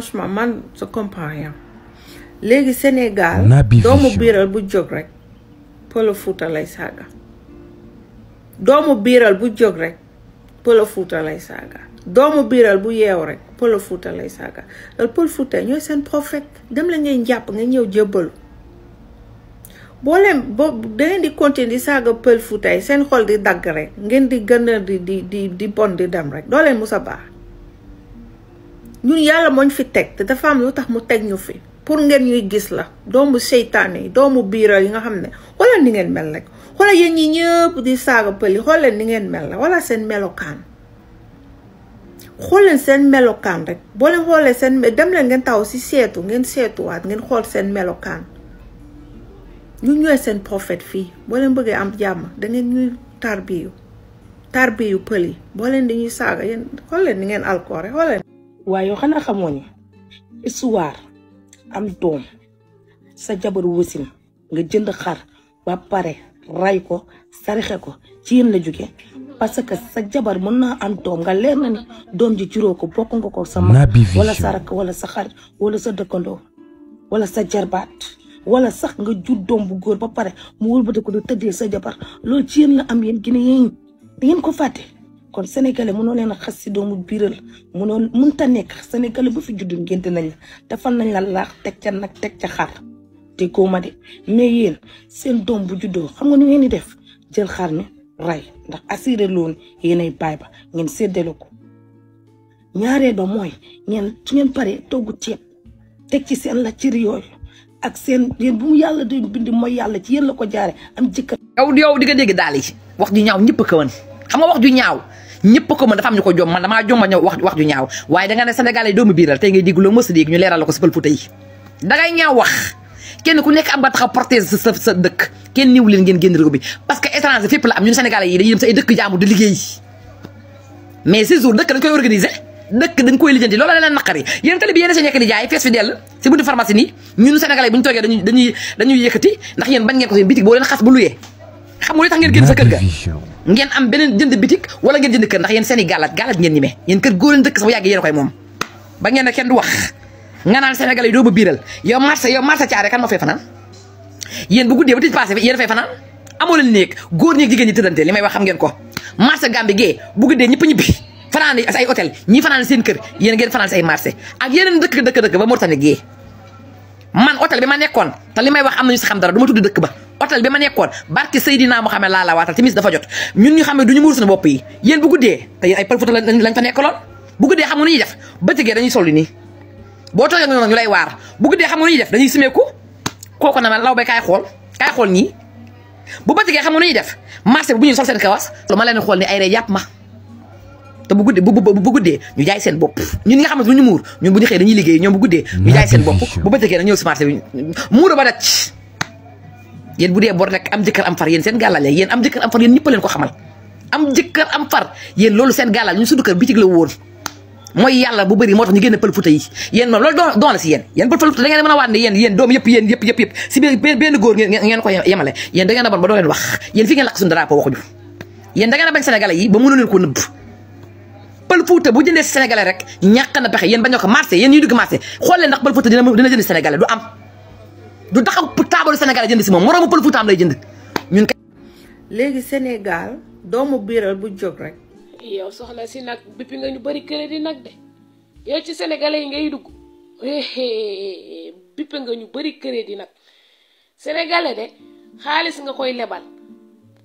franchement man je comprends rien léegi Sénégal doomu biiral bu jóg rek pël Fuuta lay saaga doomu biiral bu jóg rek pël Fuuta lay saaga doomu biiral bu yeew rek pël Fuuta lay saaga pël Fuuta ñooy seen prophète dem la ngeen jàpp nga ñëw jébbalu boo leen boo da ngeen di continuer di saaga pël Fuuta yi seen xol di dagg rek ngeen di gën a di di di di bon di dem rek doo leen musa baax ñun yàlla moñ fi teg te dafa am lu tax mu teg ñu fi pour ngeen ñuy gis la doomu seytaane yi doomu biiral yi nga xam ne xoolal ni ngeen mel rek xoolal yéen ñi ñëpp di saaga pëli xoolal ni ngeen mel la wala seen melokaan xoolal seen melokaan rek boo leen xoolee seen dem leen ngeen taw si setu, ngeen seetuwaat ngeen xool seen melokaan ñu ñooy seen prophète fi, boo leen bëggee am jàmm da ngeen ñuy tarbiyu tarbiyu pëli boo leen dañuy saaga yéen xool ni ngeen alkoore waaye yow xanaa xamoo ni histoire am doom sa jabar wasin nga jënd xar ba pare ray ko sarixe ko ci yéen la jóge parce que sa jabar mën naa am doom nga leer na ni doom ji juróo ko bokk nga ko sa mag wala sa rakk wala sa xarit wala sa dëkkandoo wala sa jarbaat wala sax nga jur doom bu góor ba pare mu wëlbatiku di tëddee sa jabar loolu ci yéen la am yéen gine yéen ngeen ko fàtte kon sénégalais mënoo leen a xas si doomu biiral mënoo mënta nekk sénégalais bu fi juddu ngénte nañ la defal nañ la laax teg ca nag teg ca xar te góob ma de mais yéen seen doom bu juddoo xam nga nu ngeen di def jël xar mi rey ndax assuré yéen ay baay ba ngeen séddale ko ñaareel ba mooy ngeen su ngeen paree togg ceeb teg ci seen la cër yooyu ak seen yéen bu mu yàlla di bind mooy yàlla ci yéen la ko jaare am jëkkër. yow yow di nga dégg daal yi wax ju ñaaw ñëpp a kawan xam ñaaw. ñepp ko mëna dafa am ñuko jom man dama jom ñew wax wax ju ñaaw waye da nga ne sénégalais doomu biiral té ngay diglu mo dig ñu léral ko seppal futa yi da ngay ñaaw wax kenn ku nekk am ba taxa porter sa sa, sa dëkk kenn niwul leen ngeen génn réew bi parce que étranger fepp la am ñun sénégalais yi dañuy dem sa ay dëkk jaamu di liggéey mais ces jours dëkk dañ koy organiser dëkk dañ koy loolu la leen nakari yeen tali bi yeen sa ñek di jaay fess fi del si buntu pharmacie ni ñun sénégalais buñ toggé dañuy dañuy dañuy yëkëti ndax yeen bañ ngeen ko seen bitik bo leen xass bu luyé xam tax ngeen génn sa kër ga ngeen am benen jënd bitik wala ngeen jënd kër ndax yeen seen galat galat ngeen ñime yeen kër góor ndëkk sama sa yeen koy mom ba ngeen ne kenn du wax nga naan sénégalais do doo biral biiral yow marché yow marché ciaré kan moo fay fanaan yeen bu guddé bu tij passé yeen fay fanaan amoo leen néeg góor ñeeg jigéen ñi tëddante limay wax xam ngeen ko marché gambi gé bu guddé ñepp ñibi fanaan ay hôtel ñi fanaan seen kër yeen ngeen fanaan ay marché ak yeen ndëkk ndëkk ndëkk ba mortané gé man hôtel bi ma nekkon ta limay wax am ñu xam dara duma tuddi dëkk ba hôtel bi ma nekkoon barke Seydina Mohamed laa la waatal timis dafa jot ñun ñu xam ne du ñu muur suñu bopp yi yéen bu guddee te ay pël foto lañ fa nekkaloon bu guddee nu nii boo toogee nga ñu lay waar bu guddee xam nga ñuy def dañuy simeeku kooku na ma law bay kaay xool kaay xool ñii bu bëccëgee xam nga nu ñuy def marché bi bu ñuy sol seen kawas ma leen xool ni ay ree jàpp ma te bu guddee bu bu guddee ñu jaay seen bopp ñun nga xam ne du ñu muur ñun bu ñu xëyee dañuy liggéey ñoom bu guddee ñu jaay seen bopp bu bëccëgee nag ñëw muur ba daj yéen bu dee bor nekk am jëkkër am far yéen seen gàllal am jëkkër am far yéen loolu seen gàllal ñu sudu bitig la woon mooy yàlla bu bëri moo tax ñu génn pël futa yi yéen da ngeen mën a waat ne yéen yéen doom ba doo leen wax ko nëbb pël fuuta bu jëndee sénégalais rek ñàkk na pexe yéen bañoo ko marché yéen ñuy dugg marché xool leen ndax pël fuuta dina dina jënd sénégalais am du taxaw table Sénégal jënd si moom mo pël fuutaam lay jënd ñun. légui Sénégal doomu biral bu jog rek. yow soxla si nak bippi nga ñu bari crédit nak dé yow ci sénégalais ngay dugg bippi nga ñu bari crédit nak sénégalais dé xaaliss nga koy lebal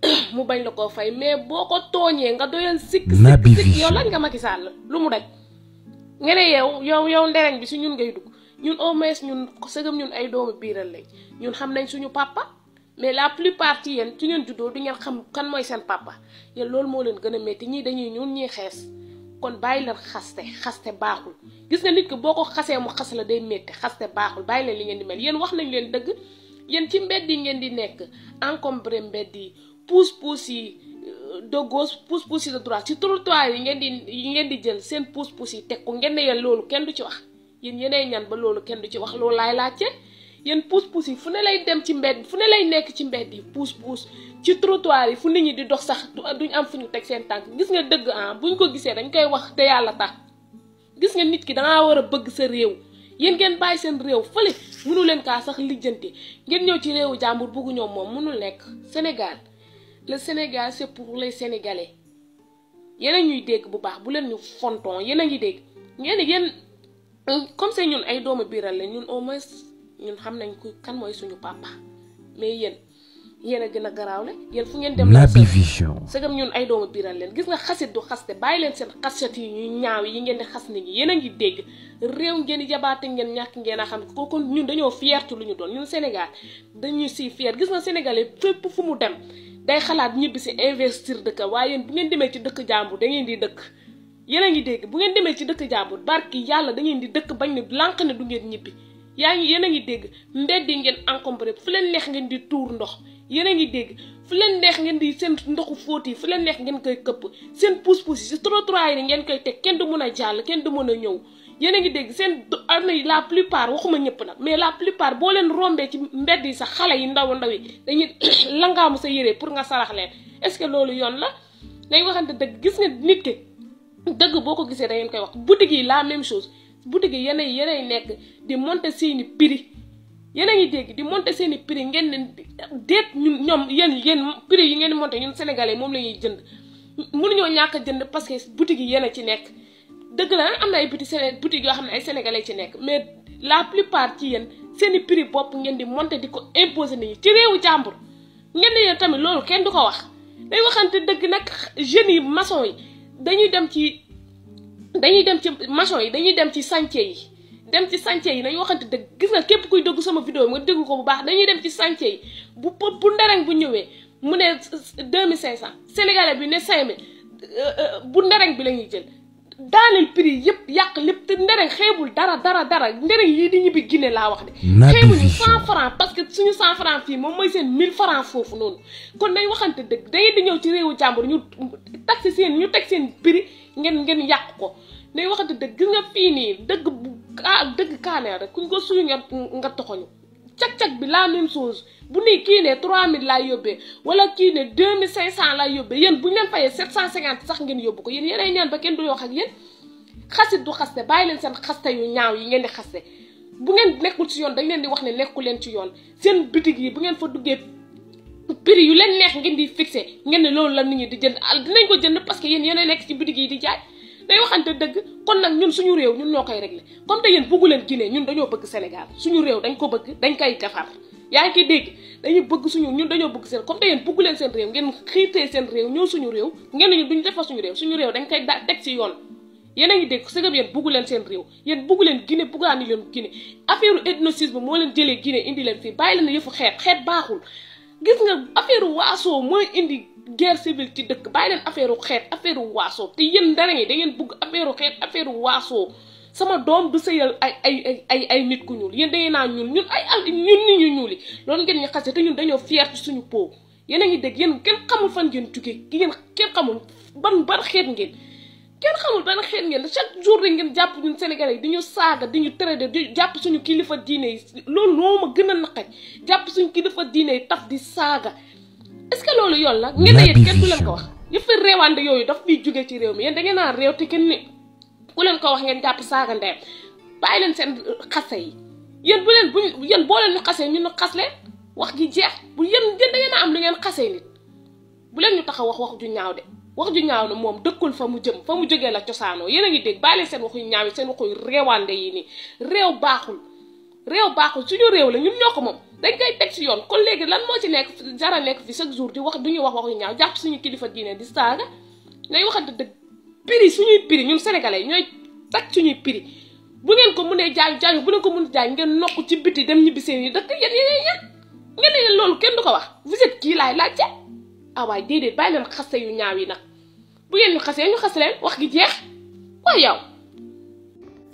mu bañ la ko fay mais boko toñé nga doyal sik sik yow lan nga makissal lu mu daj ngéné yow yow yow ndéréñ bi si ñun ngay dugg. ñun au moins ñun sëgam ñun ay doomu biiral lañ ñun xam nañ suñu papa mais la plupart ci yéen ci ngeen juddoo du ngeen xam kan mooy seen papa yéen loolu moo leen gën a métti ñii dañuy ñuul ñuy xees kon bàyyi leen xaste xaste baaxul gis nga nit ki boo ko xasee mu xas la day métti xaste baaxul bàyyi leen li ngeen di mel yéen wax nañ leen dëgg yéen ci mbedd yi ngeen di nekk encombré mbedd yi pousse pousse yi euh, de gauche pousse pousse yi de droite ci trottoir yi ngeen di yi ngeen di jël seen pousse pousse yi teg ko ngeen ne yéen loolu kenn du ci wax. yéen yéenay ñan ba loolu kenn du ci wax loolu laay laajte yéen puus-puus yi fu ne lay dem ci mbedd fu ne lay nekk ci mbedd yi puus-puus ci trottoir yi fu nit ñi di dox sax duñ am fu ñu teg seen tànk gis nga dëgg ah, bu ñu ko gisee dañ koy wax te yàlla tax gis nga nit ki dangaa war a bëgg sa réew yéen ngeen bàyyi seen réew fële mënu leen kaa sax lijjanti ngeen ñëw ci réewu jàmbur buggu ñëw moom mënul nekk Sénégal le Sénégal c'est pour les Sénégalais yéen a ñuy dégg bu baax bu leen ñu yéen a ngi dégg comme c'est ñun ay doomu biiral la ñun au moins ñun xam nañ ku kan mooy suñu papa mais yéen yéen a gën a garaawle yéen fu ngeen dem. Naby Vision. sëgam ñun ay doomu biiral leen gis nga xasit du xaste bàyyi leen seen xasat yi ñaaw yi ngeen di xas ne ñi yéen a ngi dégg réew ngeen jabaate ngeen ñàkk ngeen a xam ko kon ñun dañoo fier ci lu ñu doon ñun senegal dañuy si fier gis nga sénégalais fépp fu mu dem day xalaat ñibbi si investir dëkk waaye yéen bu ngeen demee ci dëkk jàmbur da ngeen di dëkk. yéen a ngi dégg bu ngeen demee ci dëkk jàmbur barki yàlla da ngeen di dëkk bañ ne lànq ne du ngeen ñibbi yaa ngi yéen a ngi dégg mbedd yi ngeen encombré fu leen neex ngeen di tuur ndox yéen a ngi dégg fu leen neex ngeen di seen ndoxu fóot yi fu leen neex ngeen koy këpp seen pousse-pousse yi si trottoir yi ngeen koy teg kenn du mën a jàll kenn du mën a ñëw yéen a ngi dégg seen am na la plupart waxuma ñëpp nag mais la plupart boo leen rombee ci mbedd yi sax xale yi ndaw ndaw yi dañuy langaamu sa yére pour nga sarax leen est-ce que loolu yoon la dañ waxante dëgg gis nga nit dëgg boo ko gisee da ngeen koy wax boutique yi la même chose boutique yi yéenay yéenay nekk di monter seeni prix yéen a ngi dégg di monter seeni prix ngeen ne déet ñun ñoom yéen yéen prix yi ngeen di monter ñun sénégalais moom la ñuy jënd mënuñoo ñàkk jënd parce que boutique yi yéen a ci nekk dëgg la am na ay biti Séné boutique yoo xam ne ay sénégalais ci nekk mais la plupart ci yéen seeni prix bopp ngeen di monter di ko imposer nit ñi ci réewu jàmbur ngeen ne yéen tamit loolu kenn du ko wax day waxante dëgg nag jeunes yi maçon yi. dañuy dem ci dañuy dem ci machon yi dañuy dem ci chantier yi dem ci chantier yi nañu waxante dëgg gis nga képp kuy dëgg sama vidéo nga dégg ko bu baax dañuy dem ci sancé yi bu bu ndereng bu ñëwee mu ne deux mille cinq cent sénégalais bi ne cinq mille euh, euh, bu ndereng bi la ñuy jël daaneel prix yëpp yàq lépp te ndereng xeebul dara dara dara ndereng yii di ñibbi Guinée laa wax de. xeebuñu cent franc parce que suñu cent franc fii moom mooy seen mille franc foofu noonu. kon day waxante dëgg day di ñëw ci réewu jàmbur ñu tax seen ñu teg seen prix ngeen ngeen yàq ko day waxante dëgg gis nga fii nii dëgg bu ah dëgg kaaneel rek kuñ ko suñu nga nga toxoñu cag-cag bi la même chose bu ni kii ne 3000 laay yóbbee wala kii ne 2500 laay yóbbee yéen bu ñu leen fayee 750 sax ngeen yóbbu ko yéen yéenay ñaan ba kenn du wax ak yéen xasit du xaste bàyyi leen seen xaste yu ñaaw yi ngeen di xaste bu ngeen nekkul ci yoon dañ leen di wax ne nekku leen ci yoon seen bitig yi bu ngeen fa duggee prix yu leen neex ngeen di fixé ngeen ne loolu la nit ñi di jënd al dinañ ko jënd parce ci bitig yi jaay day waxante dëgg kon nag ñun suñu réew ñun ñoo koy réglé comme te yéen bëggu leen Guinée ñun dañoo bëgg Sénégal suñu réew dañ ko bëgg dañ koy defar yaa ngi dégg dañuy bëgg suñu ñun dañoo bëgg seen comme te bëggu leen seen réew ngeen xiirtee seen réew ñëw suñu réew ngeen ñu duñu defar suñu réew suñu réew dañ koy da teg ci yoon yéen a ngi dégg sëgab yéen buggu leen seen réew yéen buggu leen Guinée buggaani leen Guinée affaire ethnocisme moo leen jëlee Guinée indileen fii bàyyi leen yëfu xeet xeet baaxul gis nga affaire waasoo mooy indi guerre civile ci dëkk bàyyi leen affaire xeet affaire waasoo te yéen dara yi da ngeen bugg affaire xeet affaire waasoo sama doom du sëyal ay ay ay ay nit ku ñuul yéen da ngeen naa ñuul ñun ay al ñun nit ñu ñuul yi loolu ngeen ñu xase te ñun dañoo fier ci suñu po yéen a ngi dégg yéen kenn xamul fan ngeen jugee yéen kenn xamul ban ban xeet ngeen. kenn xamul benn xeet ngeen chaque jour rek ngeen jàpp ñun sénégalais yi dañu saaga ñu traité di jàpp suñu kilifa diine yi loolu moo ma gën a naqari jàpp suñu kilifa diine yi taf di saaga est que loolu yoon la ngeen a yéen ko wax yëfi yooyu daf fiy jógee ci réew da ngeen naan réew te kenn ni ku leen ko wax ngeen jàpp saaga ndeyam bàyyi leen seen xase yi yéen bu leen buñ yéen boo leen ñu xasee ñu ñu xas leen wax gi jeex bu yéen yéen da am lu ngeen xasee nit bu leen ñu taxaw wax wax ju ñaaw de wax ju ñaaw na moom dëkkul fa mu jëm fa mu jógee la cosaanoo yéen a ngi dégg bàyyi seen waxuy ñaaw yi seen waxuy réewande yi nii réew baaxul réew baaxul suñu réew la ñun ñoo ko moom dañ koy teg si yoon kon léegi lan moo ci nekk jara nekk fi chaque jour di wax du ñuy wax waxuy ñaaw jàpp suñu kilifa diine di saaga nañ waxante dëgg prix suñuy prix ñun sénégalais ñooy tag suñuy prix bu ngeen ko mënee jaay jaay bu ngeen ko mënee jaay ngeen nokk ci biti dem ñibbi seen yi dëkk yéen yéen yéen ngeen kenn du ko wax vous êtes kii laay laajte ah waay déedéet bàyyi leen xaste yu ñaaw yi nag bu ngeen ñu xasee ñu xas leen wax gi jeex wax yow.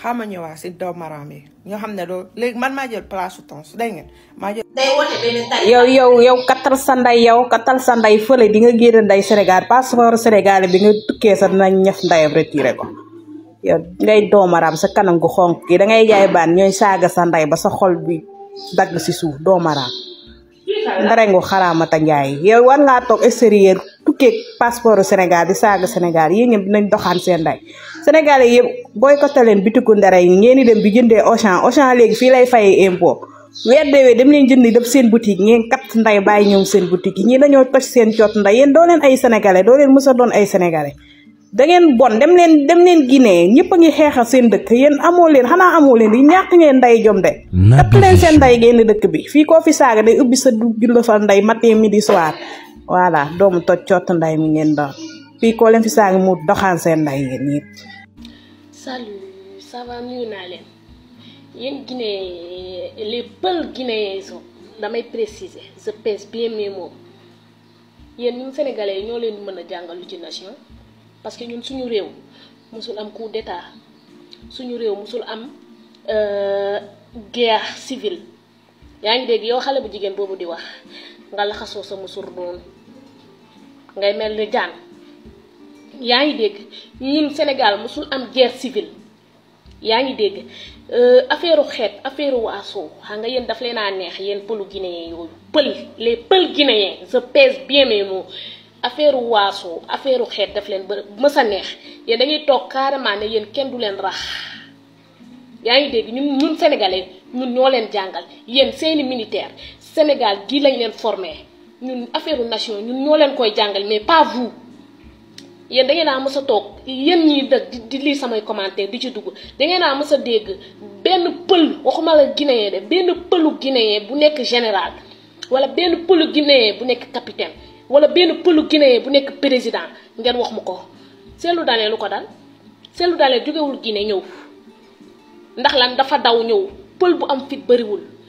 xaama ñëwaat si doom maraam yi ñoo xam ne doo léegi man maa jël place su tons dégg ngeen maa jël. day wone benn tay. yow yow yow katal sa nday yow katal sa nday fële di nga génn nday Sénégal passeport Sénégal bi nga tukkee sa dina ñaf ndayam retiré ko. yow ngay doomaraam sa kanam gu xonk gi da ngay jaay baan ñooy saaga sa nday ba sa xol bi dagg si suuf doomaraam ndare ngu xaraamata njaay yow war ngaa toog extérieur kéeg passeport Sénégal di saaga Sénégal yéen ñëpp doxaan seen day Sénégal yëpp boycotté leen bitiku ndara yi ngeen di dem bi jëndee Auchan Auchan léegi fii lay fayee impôt weer deewee dem leen jëndi def seen boutique ngeen kat nday bàyyi ñoom seen boutique yi dañoo toj seen coot nday yéen doo ay sénégalais doo leen a doon ay sénégalais da bon dem Guinée ñëpp a ngi seen dëkk yéen amoo leen xanaa amoo leen di ngeen nday jom de ëpp leen seen nday génn dëkk bi fii koo fi saaga day ubbi sa du fa nday matin midi soir voilà doomu toj coot nday mi ngeen doon fii koo leen fi saa ngi mu doxaan seen nday yéen ñëpp. salut ça va nuyu naa leen yéen Guinée les peul guinéens sont damay préciser je pèse bien mes mots yéen ñun sénégalais yi ñoo leen mën a jàngal ci nation parce que ñun suñu réew mosul am coup d'état suñu réew musul am euh, guerre civile yaa ngi dégg yow xale bu jigéen boobu di wax nga laxasoo sa musur noonu. ngay mel ni jaan ñun Sénégal mosul am guerre civile y ngi dégg euh, affaire xeet affaire xam nga yéen daf leen neex guinéen les pël guinéens je pèse bien mes mots affaire waaso affaire xeet daf leen ba a neex yéen dañuy toog carrément ne yéen kenn du leen rax yaa ngi ñun ñun sénégalais ñun ñoo jàngal militaire Sénégal gii lañ leen ñun affaire nation ñun ñoo leen koy jàngal mais pas vous yéen da ngeen a mës a toog yéen ñi dëkk di lii samay commentaire di ci dugg da ngeen a mës a dégg benn pël waxuma la guinéen de benn pëlu guinéen bu nekk général wala benn pëlu guinéen bu nekk capitaine wala benn pëlu guinéen bu nekk président ngeen wax ma ko seetlu dalee lu ko dal seetlu dalee jógewul Guinée ñëw ndax lan dafa daw ñëw pël bu am fit bëriwul.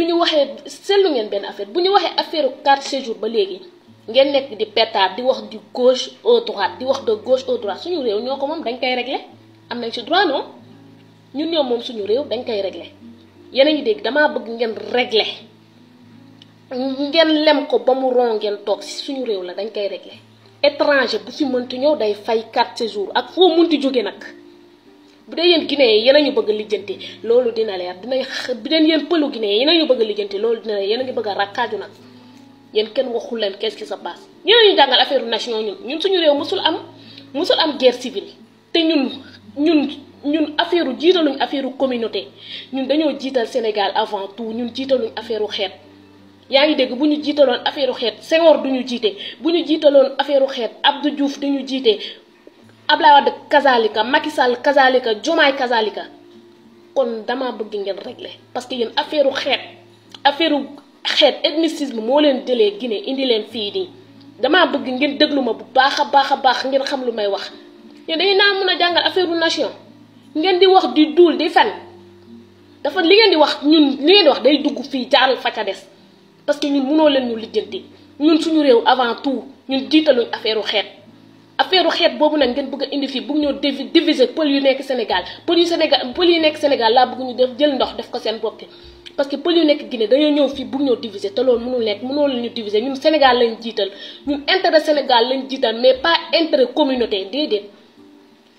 bi ñu waxee seetlu ngeen benn affaire bu ñu waxee affaire carte séjour ba léegi ngeen nekk di pétard di wax di gauche au droite di wax de gauche au droite suñu réew ñoo ko moom dañ koy régler am nañ ci droit non ñun ñëw moom suñu réew dañ koy régler yéen a ngi dégg damaa bëgg ngeen régler ngeen lem ko ba mu ron ngeen toog suñu réew la dañ koy régler étranger bu fi mënti ñëw day fay carte séjour ak foo mënti jóge nag. bu dee yéen Guinée yi yéen a ñu bëgg a lijjanti loolu dina leer dina xa yéen pëlu Guinée yi a ñu bëgg a lijjanti loolu dina leer yéen a ngi bëgg a rakkaaju nag yéen kenn waxul leen qu'est-ce sa se passe yéen a ñu jàngal affaire nation ñun suñu réew musul am mosul am guerre civile te ñun ñun ñun affaire u jiitaluñ affaire communauté ñun dañoo jiital Sénégal avant tout ñun jiitaluñ affaire u xeet yaa ngi dégg bu ñu jiitaloon affaire xeet Senghor duñu jiite bu ñu jiitaloon affaire u xeet Abdou Diouf duñu jiite Ablaye Wade kazalika Macky Sall kazalika Diomaye kasalika kon dama bëgg ngeen régler parce que yéen affaire u xeet affaire u xeet ethnicisme moo leen jëlee Guinée indi leen fii nii damaa bëgg ngeen déglu ma bu baax a baax a baax ngeen xam lu may wax yéen dañu naa mun a jàngal affaire nation ngeen di wax di duul di fen dafa li ngeen di wax ñun li ngeen di wax day dugg fii jaaral fa ca des parce que ñun munoo leen ñu lijjanti ñun suñu réew avant tout ñun jiitaluñ affaire u xeet affaire xeet bobu nag ngeen bëgg indi fi bëgg ñoo diviser pël yu nekk Sénégal pël yu Sénégal pël yu nekk Sénégal la bëgg ñu def jël ndox def ko seen bopp parce que pël yu nekk Guinée dañoo ñëw fi bëgg ñoo diviser te loolu mënul nekk mënoo la ñu diviser ñun Sénégal lañ jiital ñun intérêt Sénégal lañ jiital mais pas intérêt communauté déedéet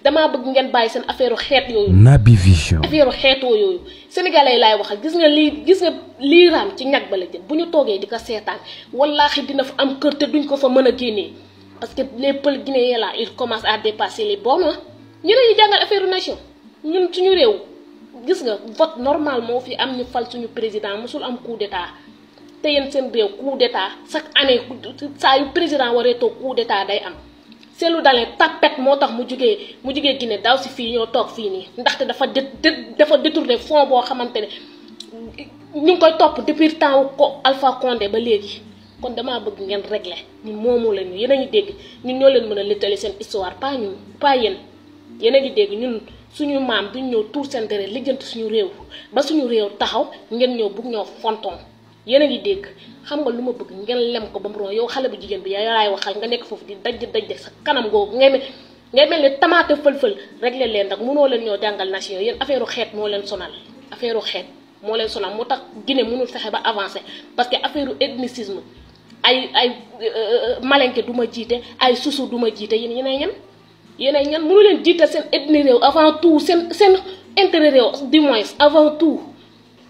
dama bëgg ngeen bàyyi seen affaire xeet yooyu. Naby Vision affaire xeetoo yooyu. sénégalais lay waxal gis nga lii gis nga lii raam ci ñag ba la jëm bu ñu toogee di ko seetaan wallaahi dina fa am kër te duñ ko fa mën a génnee parce que les peul guinéens là ils commencent à dépasser les bornes ñu ne ñu jàngal affaire nation ñun suñu réew gis nga vote normal moo fi am ñu fal suñu président mosul am coup d'état te yéen seen réew coup d'état chaque année saa yu président waree toog coup d'état day am seetlu dalee tapet moo tax mu jugee mu jugee Guinée daaw si fii ñoo toog fii nii ndaxte dafa dé dafa détourné fond boo xamante ne ñu ngi koy topp depuis temps ko Alpha Condé ba léegi. kon damaa bëgg ngeen régler ñun moomu la ñu a ngi dégg ñun ñoo leen mën a littali seen histoire pas ñun pas yéen yéen a ñun suñu maam duñ ñëw tuur seen deret lijjanti suñu réew ba suñu réew taxaw ngeen ñëw bugg ñëw fonton yéen a ngi dégg xam nga lu ma bëgg ngeen lem ko ba mu ron yow xale bu jigéen bi yaay waxal nga nekk foofu di daj daj sa kanam googu ngay mel ngay mel ni tamaate fël-fël régler leen nag mënoo leen ñoo jàngal nation yéen affaire xeet moo leen sonal affaire xeet moo leen sonal moo tax Guinée mënul fexe ba avancer parce que affaire ethnicisme ay ay euh, malenke du ma jiite ay susu du ma jiite yéen yéenay ñan yenn ñan mënu leen jiital seen ethnie réew avant tout seen seen intérêt réew du moins avant tout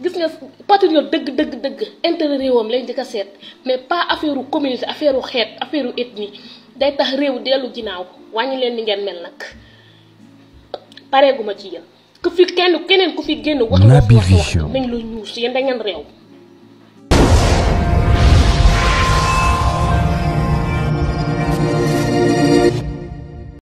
gis nga patriote dëgg dëgg dëgg intérêt réewam lañ di ko seet mais pas affaire communité communauté affaire u xeet affaire etni day tax réew dellu ginnaaw wàññi leen ni ngeen mel nag pareeguma ci yéen ku fi kenn keneen ku fi génn wax wax wax nañ la ñuus yéen da ngeen réew